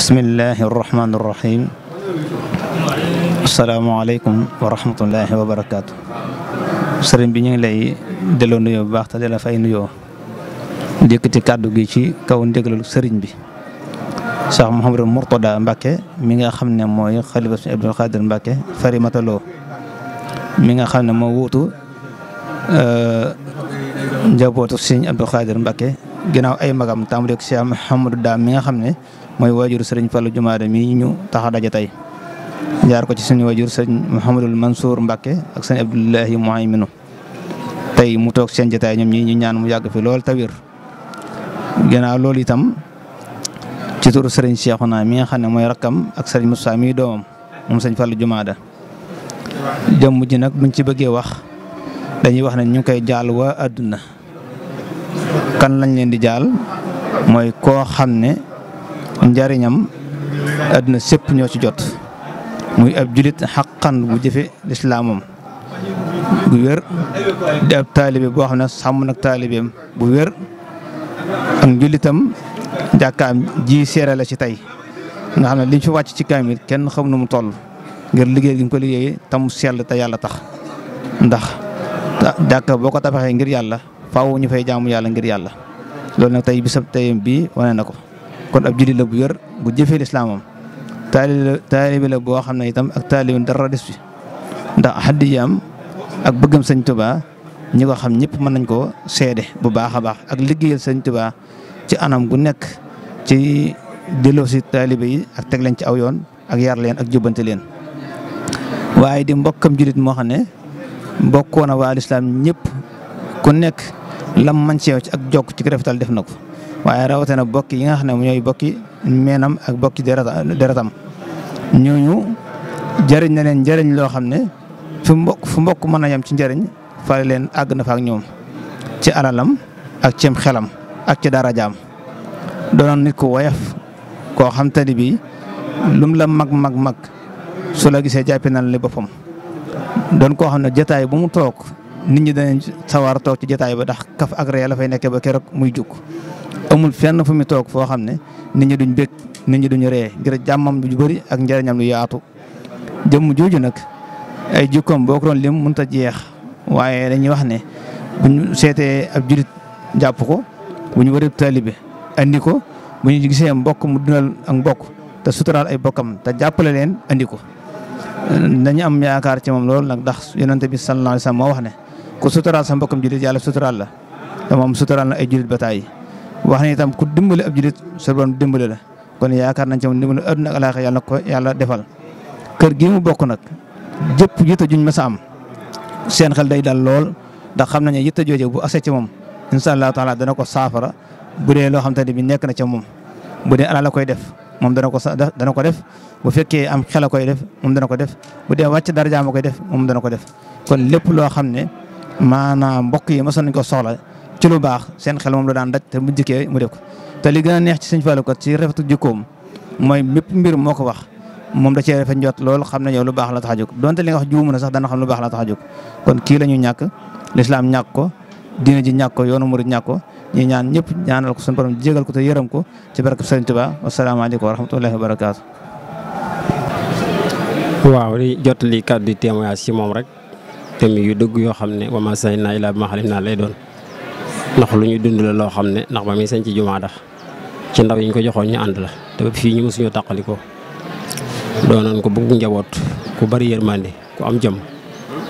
Bismillahirrahmanirrahim Assalamualaikum warahmatullahi wabarakatuh Serin bini lay Delon yo bakta de la fain yo Dikiti kadu gici Kau ndik lul serin bi Sahab Muhammad al-Murtada mbake Minga khamni ammu ya khalifah Ibn al-Qadir mbake Farimata lo Minga khamni ammu ya khalifah Ibn al-Qadir mbake Minga khamni ammu ya khalifah Jabatul Sini Abu Khadir Mbakke, kenal ayam agam tamu dek saya Muhammad Damia kami, moy wajur serigne fallu jumaade mi ñu taxa a tay jaar ko ci suñu wajur serigne Mouhamadul Mansour Mbacke ak serigne Abdoulahi Mouhayminu tay mu tok sen jotaay ñom ñi ñu ñaan mu yag fi lol tawir gëna lol itam ci tour serigne cheikhuna mi nga xane moy rakam ak serigne Moussa mi doom moom serigne fallu Jumaada jëmm ji nak buñ ci bëgge wax dañuy wax na ñu koy jaal wa aduna kan lañ leen di jaal moy ko xamne njariñam àdduna sépp ñoo ci jot muy ab julit xaqan bu jëfe lislaamam bu wér di ab taalibe boo ne sàmm nag taalibeem bu wér ak njulitam jàkkaam ji seere la ci tey nga na liñ fi wàcc ci kaamil kenn xam nu mu toll ngir liggéey gi nga ko liggéeyee tam sell te yàlla tax ndax jàkka boo ko tabaxee ngir yàlla faaw ñu fay jaamu yàlla ngir yàlla loolu nag tey bisab teyam bii wane na ko kon ab jullit la bu yor bu jëfee lislaamam taalibi la boo xam ne itam ak taalibi dara des bi ndax ak bëggam sëñ Tuubaa ñi ko xam ñëpp mën nañ ko seede bu baax a baax ak liggéeyal sëñ ci anam gu nekk ci delloo si taalibe ak teg leen ci aw yoon ak yar leen ak jubbante leen waaye di mbokkam jullit moo xam ne mbokkoon a waa lislaam ñëpp ku nekk lam man ci ak jokk ci rafetal def na ko waaye rawatina bokk yi nga xam ne ñooy bokki meenam ak bokki deretam ñooñu jëriñ na leen njariñ loo xam ne fu mbokk fu mbokk mën a yem ci njariñ fale leen àgg na fa ak ñoom ci alalam ak cim xelam ak ci darajaam doonoon nit ku woyof koo xam te ni bii lum la mag mag mag su la gisee jàppi na li boppam doon koo xam ne jotaay bu mu toog nit ñi danañ sawar toog ci jotaay ba dax kaf ak ree la fay nekkee ba keroog muy jukk amul fenn fu mu toog foo xam ne nit ñi duñ bég nit ñi duñ ree ngir jàmmam ju bëri ak njëriñam lu yaatu jëmm jooju nag ay jikkoom lim mënut a jeex waaye dañuy wax ne bu seetee ab julit jàpp ko bu ñu waree taalibe andi ko bu ñu gisee mbokk mu dundal ak mbokk te suturaal ay bokkam te jàppale leen andi ko dañu am yaakaar ci moom loolu nag ndax yonente bi sallallahu alayhi wa moo wax ne ku suturaal sa mbokkam jullit yàlla suturaal la te moom suturaal na ay jullit ba taay wax ne itam ku dimbale ab jullit sa borom dimbale la kon yaakaar nañ ci moom na ko yàlla defal. kër gi am seen xel day dal lool da xam na ne yitte jooje bu ase ci moom incha allahu taala dana ko saafara bu dee loo xam te ne bi nekk na ca moom bu dee alal koy def moom dana ko dana ko def bu fekkee am xel koy def moom dana ko def bu dee wàcc darajaam a koy def moom dana ko def kon lépp loo xam ne maanaam mbokk yi mosoon nañ ko soxla ci lu baax seen xel moom la daan daj te bu jikkee mu def ko te li gën a neex ci sëñ Fallou kat ci rafetu jikkoom mooy mépp mbir moo ko wax moom da cee rafet jot loolu xam ne yow lu baax la tax a jóg donte li nga wax juum na sax dana xam lu baax la tax a kon kii la ñu ñàkk lislaam ñàkk ko diina ji ñàkk ko yoonu murid ñàkk ko ñi ñaan ñëpp ñaanal ko suñu borom jégal ko te yërëm ko ci barkab Sëriñ Tuubaa wasalaamaaleykum wa rahmatullahi wa barakaatu waaw li jot li kàddu témoignage moom rek tamit yu dëgg yoo xam ne wama sañ naa ilaa bi ma xalim naa lay doon ndax lu ñu dund la loo xam ne ndax ba muy sañ ci jumaa dax ci ndaw yi ñu ko joxoon ñu ànd la te ba fii ñu mësuñu tàqalikoo doonoon ko bëgg njaboot ku bari yërmande ku am jëm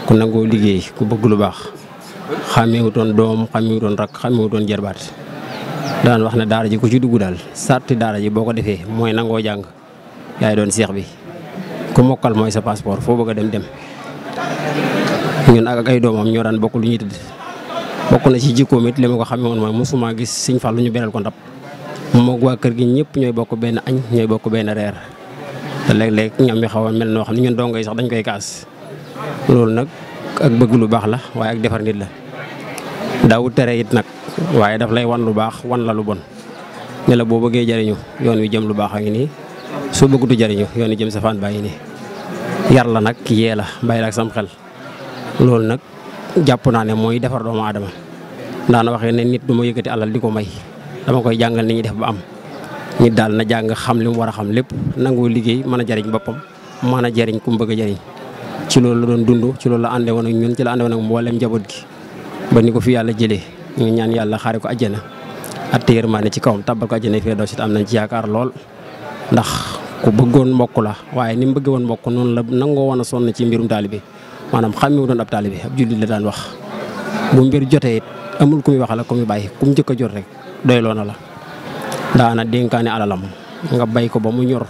ku nangoo liggéey ku bëgg lu baax xàmmeewutoon doom xàmmeewutoon rakk xàmmeewutoon jarbaat daan wax ne daara ji ku ci dugg daal sarti daara ji boo ko defee mooy nangoo jàng yaay doon seex bi ku mokkal mooy sa passeport foo bëgg a dem dem ñun ak ay doomam ñoo daan bokk lu ñuy tëdd bokk na ci jikkoom it li ma ko xamee woon mooy mosuma gis Sëñ Fallu ñu beral ko ndab moog waa kër gi ñëpp ñooy bokk benn añ ñooy bokk benn reer te léeg-léeg ñoom mi xaw mel noo xam ne ñun dongo yi sax dañ koy kaas loolu nag ak bëgg lu baax la waaye ak defar nit la daawut tere it nag waaye daf lay wan lu baax wan la lu bon ne la boo bëggee jariñu yoon wi jëm lu baax a ngi nii soo bëggutu jariñu yoon wi jëm safaan baa ngi nii yar nag yee la bàyyi la loolu nak jàpp naa ne moy defar doomu aadama daana waxe ne nit duma ma alal di may dama koy jangal ni ñuy def ba am nit dal na jang xam lim wara xam lepp nangoo liggey mën jariñ bopam mën jariñ kum mu bëgg jariñ ci loolu la doon dundu ci loolu la ànde won ak ñun ci la ànde won ak mbollem jabot gi ba ni ko fi yalla jëlee ñu ñaan yalla xari ko ci kawm tabal ko aljana fi do ci am nañ ci yaakar lool ndax ku bëggoon mbokk la waye ni mbokk non la nangoo wana son ci mbirum talibé maanaam xàmmewu doon ab taalibe ab jullit la daan wax bu mbir jotee it amul ku muy waxal ak ku muy bàyyi ku mu jot rek doyloo na la daana dénkaane alalam nga bay ko ba mu ñor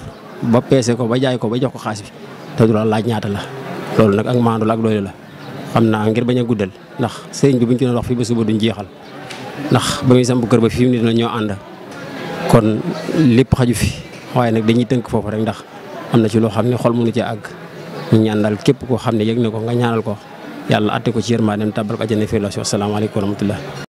ba peese ko ba jaay ko ba jox ko xaas bi te du la laaj ñaata la loolu nag ak maandu la ak doylu la xam naa ngir bañ a guddal ndax sëriñ bi buñ ci doon wax fii ba suba duñ jeexal ndax ba muy samp kër ba fii mu ne la ñoo ànd kon lépp xaju fi waaye nag dañuy tënk foofu rek ndax am na ci loo xam ne xol mënu ci àgg ñaanal képp koo xam ne yëg na ko nga ñaanal ko yàlla atte ko ci yërmaandeem tàbbal ko àjjana firdawsi wasalaamaaleykum wa rahmatullah